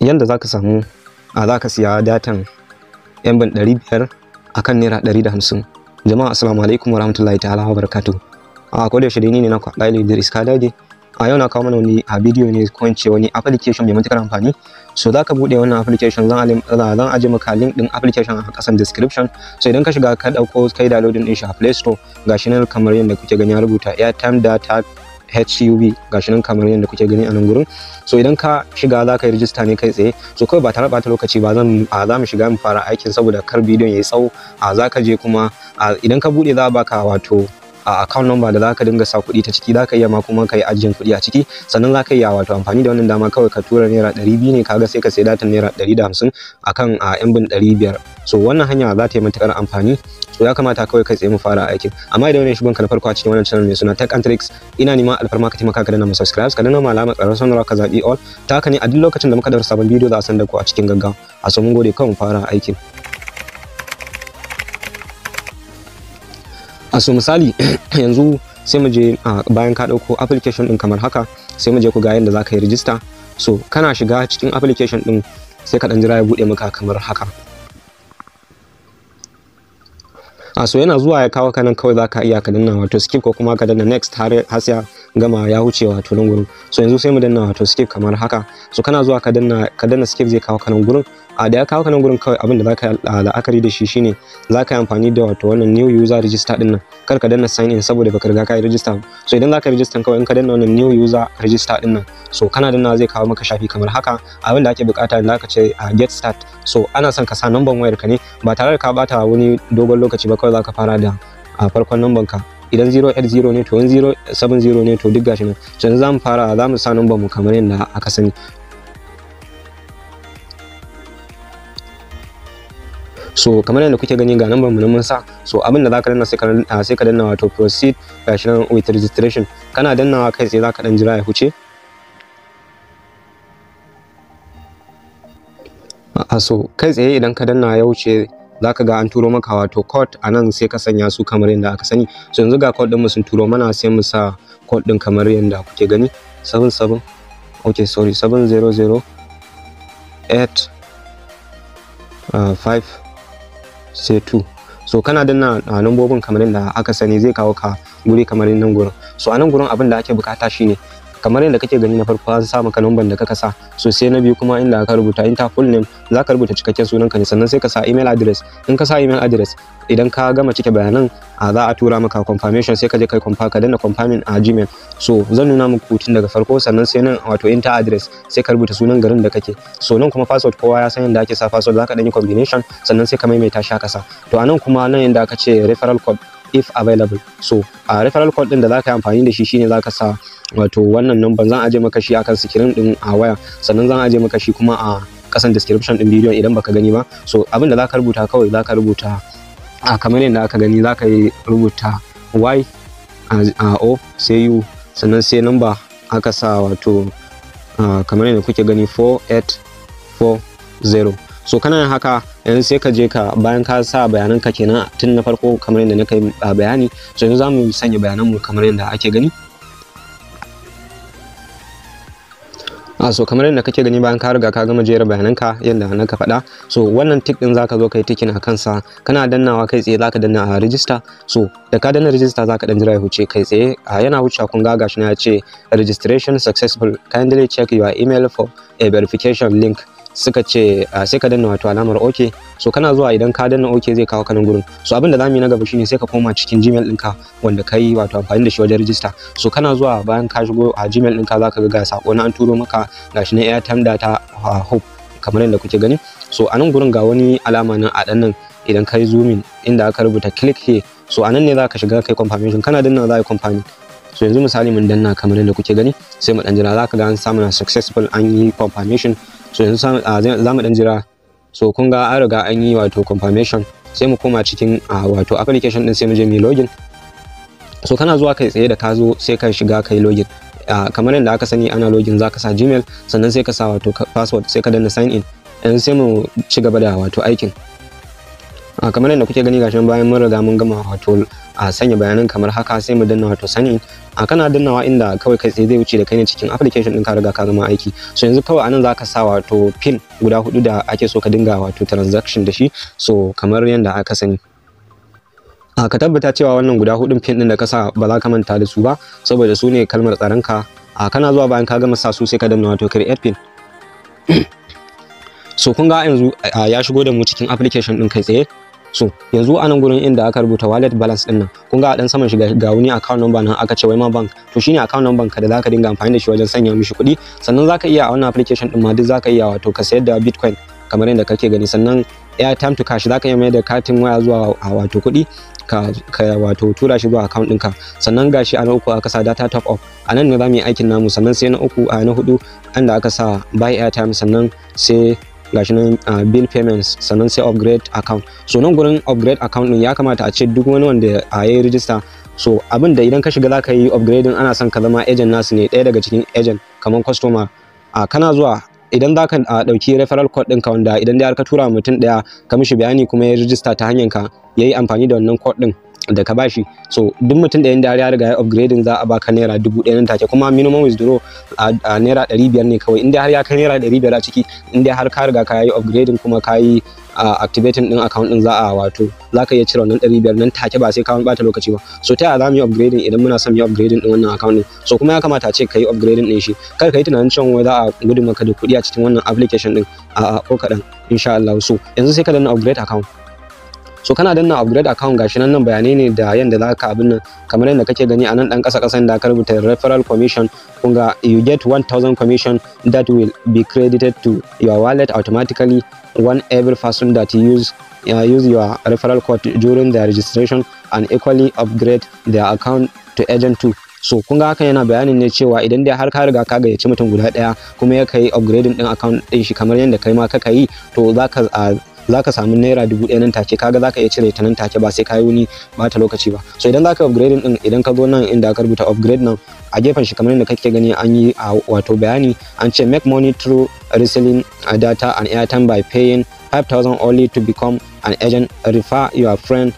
yanda za ka samu a za ka siya datan yanban ɗari 500 a kan naira 150 jama'a assalamu alaikum warahmatullahi ta'ala wa barakatu a ko da shirini ne na kwa ɗaya iska dage a yau na kawo mana wani a bidiyo ne ko in wani application mai matukar amfani so za ka buɗe wannan application zan zan aje maka link din application a ƙasan description so idan ka shiga ka ɗauko kai downloading din shi a play store gashi nan kamar yadda kuke gani ya rubuta airtime data ga gashi nan kamar yadda kuke gani a nan gurin so idan ka shiga za ka yi rijista ne kai tsaye so kawai ba tare lokaci ba zan a za mu shiga mu fara aikin saboda kar bidiyon ya yi tsawo a za ka je kuma idan ka bude za a baka wato a account number da zaka dinga sa kuɗi ta ciki zaka iya ma kuma kai ajin kuɗi a ciki sannan zaka iya wato amfani da wannan dama kawai ka tura naira 200 ne kaga sai ka sai datan naira 150 akan a yan bin 500 so wannan hanya za ta yi matuƙar amfani so ya kamata kawai kai tsaye mu fara aikin amma idan wani shugaban ka na farko a cikin wannan channel mai suna Tech and Tricks ina neman alfarma ka taimaka ka danna mu subscribe ka danna malama karar sanarwa ka zabi all ta haka ne a duk lokacin da muka daura sabon bidiyo za a sanda ku a cikin gaggawa a so mun gode kawai mu fara aikin so misali yanzu sai mu je bayan ka ɗauko application ɗin kamar haka sai mu je ku ga yadda za ka yi rijista so kana shiga cikin application ɗin sai ka ɗan jira ya buɗe maka kamar haka a so yana zuwa ya kawo kanan kawai za ka iya ka danna wato skip ko kuma ka danna next har har sai gama ya huce wato nan gurin so yanzu sai mu danna wato skip kamar haka so kana zuwa ka danna ka danna skip zai kawo kanan gurin a da ya kawo ka nan gurin kawai abin da zaka la'akari da shi shine ka yi amfani da wato wannan new user register din nan kar ka danna sign in saboda baka riga ka yi register so idan za zaka register kawai in ka danna wannan new user register din nan so kana danna zai kawo maka shafi kamar haka abin da ake bukata da ka ce a get start so ana son ka sa number wayar ka ne ba tare da ka bata wani dogon lokaci ba kawai za ka fara da a farkon number ka idan 080 ne to ne to duk gashi nan yanzu za mu fara za mu sa number mu kamar yadda aka sani so kamar yadda kuke gani ga number mu na mun sa so abin da zaka danna sai ka ah, sai ka danna wato proceed gashi nan with registration kana dannawa kai sai zaka dan jira ya huce ah, so kai tsaye idan ka danna ya huce zaka ga an turo maka wato code a nan sai ka sanya su kamar yadda aka sani so yanzu ga code din sun turo mana sai mu sa code din kamar yadda kuke gani 77 okay sorry 700 8 uh, 5 sai 2 so kana danna a ah, lambobin kamar da aka sani zai kawo ka guri kamar nan gurin so a nan gurin abin da ake bukata shine kamar yadda kake gani na farko an sa maka lambar da kaka sa so sai na biyu kuma inda aka rubuta in ta full name za ka rubuta cikakken sunan ka ne sannan sai ka sa email address in ka sa email address idan ka gama cike bayanan a za a tura maka confirmation sai ka je kai confirm ka danna confirming a gmail so zan nuna muku hutun daga farko sannan sai nan wato ta address sai ka rubuta sunan garin da kake so nan kuma password kowa ya san yadda ake sa password za ka danyi combination sannan sai ka maimaita shi ka sa to anan kuma nan yadda aka ce referral code if available so a referral code din da zaka yi amfani da shi shine zaka sa wato wannan number zan aje maka shi akan screen din a waya sannan zan aje maka shi kuma a kasan description din bidiyon idan baka gani ba so abin da zaka rubuta kawai zaka rubuta a kamar yadda aka gani zaka yi rubuta y a o sai u sannan sai number aka sa wato kamar yadda kuke gani 4840 so kana yin haka yanzu sai ka je ka bayan ka sa bayanan ka kenan tun na farko kamar yadda na kai bayani so yanzu zamu sanya bayanan mu kamar yadda ake gani a so kamar yadda kake gani bayan ka riga ka gama jera bayananka yadda na ka faɗa so wannan tik din zaka zo kai tikin a kansa kana dannawa kai tsaye zaka danna a register so da ka danna register zaka dan jira ya huce kai tsaye a yana huce kun ga gashi na ya ce registration successful kindly check your email for a verification link suka ce ah, sai ka danna wato alamar oke so kana zuwa idan ka danna oke zai kawo kanan gurin so abinda da za mu yi na gaba shine sai ka koma cikin gmail ɗinka wanda ka yi wato amfani da shi wajen rijista so kana zuwa bayan ka shigo a gmail ɗinka za ka ga ga sako na an turo maka gashi na airtime data ah, hope kamar yadda kuke gani so a nan gurin ga wani alama nan a ɗan nan idan ka yi inda aka rubuta click here so a nan ne za ka shiga kai confirmation kana danna za a yi confirming so yanzu misali mun danna kamar yadda kuke gani sai mu dan jira za ka ga an samu na successful an yi confirmation so yanzu za mu ah, dan jira so kun ga an riga an yi wato confirmation sai mu koma cikin ah, wato application din sai mu je mu login so kana zuwa kai tsaye da ka zo sai ka shiga kai login ah, kamar yadda aka sani ana login za ka sa gmail sannan sai ka sa wato password sai ka danna sign in yanzu sai mu ci gaba da wato aikin kamar yadda kuke gani gashin bayan mun riga mun gama wato a sanya bayanan kamar haka sai mu danna wato sani? a kana dannawa inda kawai kai sai zai wuce da kai ne cikin application din ka riga ka gama aiki so yanzu kawai anan zaka sa wato pin guda hudu da ake so ka dinga wato transaction da shi so kamar yadda aka sani a ka tabbata cewa wannan guda hudun pin din da ka sa ba za ka manta da su ba saboda su ne kalmar tsaron ka a kana zuwa bayan ka gama sa su sai ka danna wato create pin so kun ga yanzu ya shigo da mu cikin application din kai tsaye so yanzu a nan gurin inda aka rubuta wallet balance din nan kun ga a dan saman shi ga wani account number nan aka ce Wai ma bank to shine account number ka da zaka dinga amfani da shi wajen sanya mishi kuɗi sannan zaka iya a wannan application din ma duk zaka iya wato ka sayar da bitcoin kamar yadda kake gani sannan airtime to cash zaka iya mai da katin waya zuwa wato kuɗi ka, ka wato tura shi zuwa account ɗinka sannan gashi a na uku aka sa data top up a nan ne za mu yi aikin namu sannan sai na uku a na hudu an aka sa buy airtime sannan sai gashi nan bill payments sannan sai upgrade account so nan gurin upgrade account din ya kamata a ce duk wani wanda ya yi register so abin da idan ka shiga za ka yi upgrading ana son ka zama agent nasu ne ɗaya daga cikin agent kamar customer a kana zuwa idan za ka ɗauki referral code ka wanda idan dai har ka tura mutum ɗaya ka mishi bayani kuma ya register ta hanyar ka ya yi amfani da wannan code ɗin da ka bashi so duk mutum da yin ya riga ya upgrading za a baka naira dubu ɗaya nan take kuma minimum withdraw a naira ɗari biyar ne kawai inda har ya kai naira ɗari biyar a ciki inda har ka riga ka yi upgrading kuma ka yi activating ɗin account ɗin za a wato za ka iya cire wannan ɗari biyar nan take ba sai ka bata lokaci ba so ta yaya za mu yi upgrading idan muna son mu yi upgrading ɗin wannan account ɗin so kuma ya kamata a ce ka yi upgrading ɗin shi kar ka yi tunanin cewa wai za a gudu maka da kuɗi a cikin wannan application ɗin a ko kaɗan insha Allah so yanzu sai ka danna upgrade account so kana danna upgrade account gashi nan nan bayanai ne da yanda za ka abin nan kamar yadda kake gani a nan dan kasa kasan da ka rubuta referral commission kun ga you get 1000 commission that will be credited to your wallet automatically one every person that you use uh, use your referral code during the registration and equally upgrade their account to agent 2 so kun ga yana bayanin ne cewa idan dai har ka riga ka gayyaci mutum guda daya kuma ya kai upgrading din account din shi kamar yadda kai ma kaka yi to zaka uh, za ka samu naira dubu ɗaya nan take kaga za ka iya cire ta nan take ba sai ka yi wani bata lokaci ba so idan za ka upgrade din idan ka zo nan inda ka rubuta upgrade nan a gefen shi kamar yadda kake gani an yi a wato bayani an ce make money through reselling uh, data and airtime by paying 5000 only to become an agent refer your friend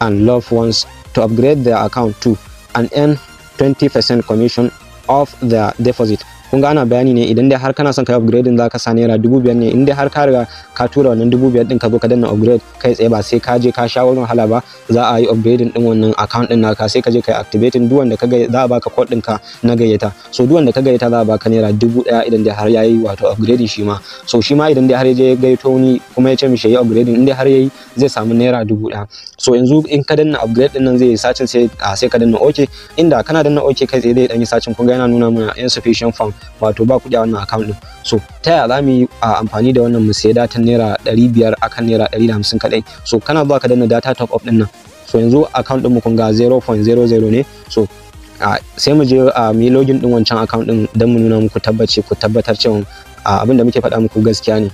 and loved ones to upgrade their account too and earn 20% commission off their deposit kun ga ana bayani ne idan dai har kana son kai upgrading zaka sa naira dubu biyar ne in dai har ka riga ka tura wannan dubu biyar din ka zo ka danna upgrade kai tsaye ba sai ka je ka sha wurin wahala ba za a yi upgrading din wannan account din naka sai ka je kai activating duk wanda ka ga za a baka code din ka na gayyata so duk wanda ka gayyata za a baka naira dubu daya idan dai har yayi wato upgrading shi ma so shi ma idan dai har ya je gayyato ni kuma ya ce mishi ya upgrading in dai har yayi zai samu naira dubu daya. so yanzu in ka danna upgrade din nan zai sacin sai a ah, sai ka danna okay inda kana danna okay kai sai zai dan yi sacin kun ga yana nuna mana insufficient fund wato ba kuɗi a wannan account din so ta yaya zamu mu yi amfani da wannan mu sayi datan naira 500 akan naira 150 kadai so kana zuwa ka danna data top up din nan so yanzu account din mu kun ga 0.00 ne so sai mu je a mu yi login din wancan account din don mu nuna muku tabbace ku tabbatar cewa abin da muke faɗa muku gaskiya ne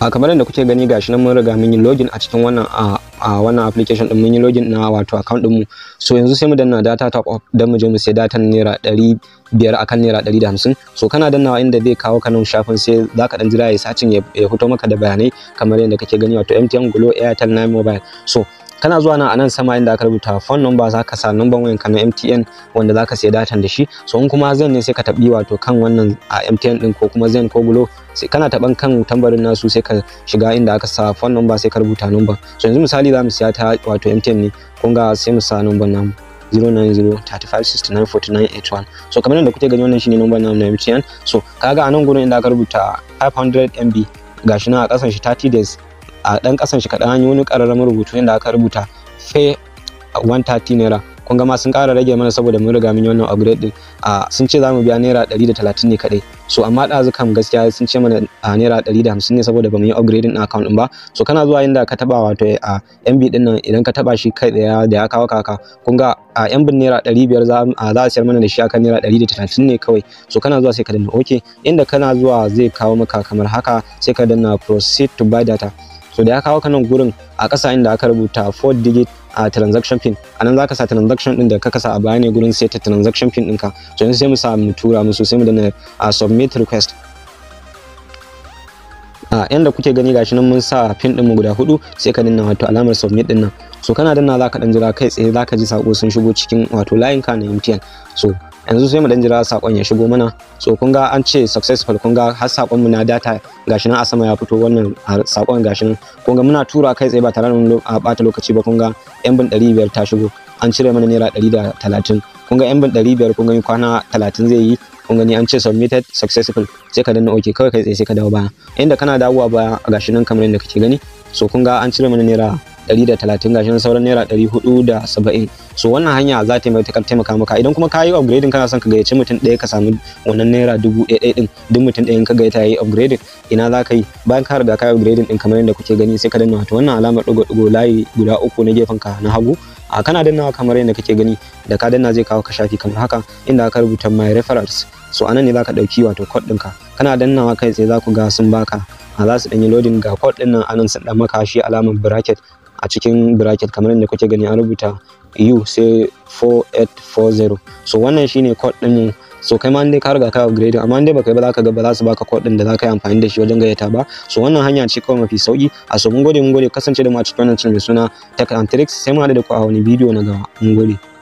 a kamar yadda kuke gani gashi nan mun riga mun yi login a cikin wannan a wannan application din mun yi login na wato account din mu so yanzu sai mu danna data top up dan mu je mu sai data naira 500 akan naira 150 so kana dannawa inda zai kawo ka shafin sai zaka dan jira ya sacin ya fito maka da bayanai kamar yadda kake gani wato MTN Glo Airtel 9 Mobile so kana zuwa nan a nan sama inda aka rubuta phone number za ka sa number wayanka na MTN wanda za ka sai datan da shi so in kuma zan ne sai ka tabi wato kan wannan a MTN din ko kuma zan ko glo sai kana taban kan tambarin nasu sai ka shiga inda aka sa phone number sai ka rubuta number so yanzu misali za mu siya ta wato MTN ne kun ga sai mu sa number namu 09035694981 so kamar yadda kuke gani wannan shine number nan na MTN so kaga a nan gurin inda aka rubuta 500 MB gashi nan a kasan shi 30 days a dan kasan shi kaɗan an yi wani ƙararramin rubutu inda aka rubuta fe 130 naira kun ma sun ƙara rage mana saboda mun riga mun yi wannan upgrade din a sun ce zamu biya naira 130 ne kadai so amma ɗazu kam gaskiya sun ce mana a naira 150 ne saboda bamu yi upgrade din account din ba so kana zuwa inda ka taba wato a MB din nan idan ka taba shi kai da ya kawo kaka Kunga ga a yan bin naira 500 biyar za a siyar mana da shi akan naira 130 ne kawai so kana zuwa sai ka danna okay inda kana zuwa zai kawo maka kamar haka sai ka danna proceed to buy data so da ya kawo ka nan gurin a ƙasa inda aka rubuta 4 digit a transaction pin a nan zaka sa transaction din da ka kasa a baya ne gurin ta transaction pin ɗinka so yanzu sai mu sa mu tura musu sai mu dana a submit request a yanda kuke gani gashi nan mun sa pin din mu guda hudu sai ka danna wato alamar submit din nan so kana danna zaka dan jira kai tsaye zaka ji sako sun shigo cikin wato layin ka na MTN so yanzu sai mu dan jira sakon ya shigo mana so kun ga an ce successful kun ga har sakon mu na data gashi nan a sama ya fito wannan sakon gashi nan kun ga muna tura kai tsaye ba tare da bata lokaci ba kun ga yan bin 500 ta shigo an cire mana naira 130 kun ga yan bin 500 kun ga kwana 30 zai yi kun gani an ce submitted successful sai ka danna okay kawai kai tsaye sai ka dawo baya inda kana dawowa baya gashi nan kamar yadda kake gani so kun ga an cire mana naira da 130 gashin sauran naira 470 so wannan hanya za ta yi matuƙar taimaka maka idan kuma ka yi upgrading kana son ka gayyaci mutum ɗaya ka samu wannan naira dubu ɗaya ɗin duk mutum ɗayan ka gayyata yi upgrading ina za ka yi bayan ka riga ka yi upgrading ɗin kamar yadda kuke gani sai ka danna wato wannan alamar ɗigo-ɗigo layi guda uku na gefen ka na hagu a kana dannawa kamar yadda kake gani da ka danna zai kawo ka shafi kamar haka inda ka rubuta my referrals so anan ne zaka dauki wato code ɗinka kana dannawa kai tsaye za ku ga sun baka a za su ɗanyi loading ga code ɗin nan anan sun ɗan maka shi alamar bracket a cikin bracket kamar yadda kuke gani an rubuta u sai 4840 so wannan shine code din mu so kai ma dai ka riga ka upgrade amma dai baka ba za ka ga ba za su baka code din da za ka yi amfani da shi wajen gayyata ba so wannan hanya ce kawai mafi sauki a so mun gode mun gode kasance da mu a cikin wannan cin mai suna tech and tricks sai mu haɗu da ku a wani bidiyo na gaba mun gode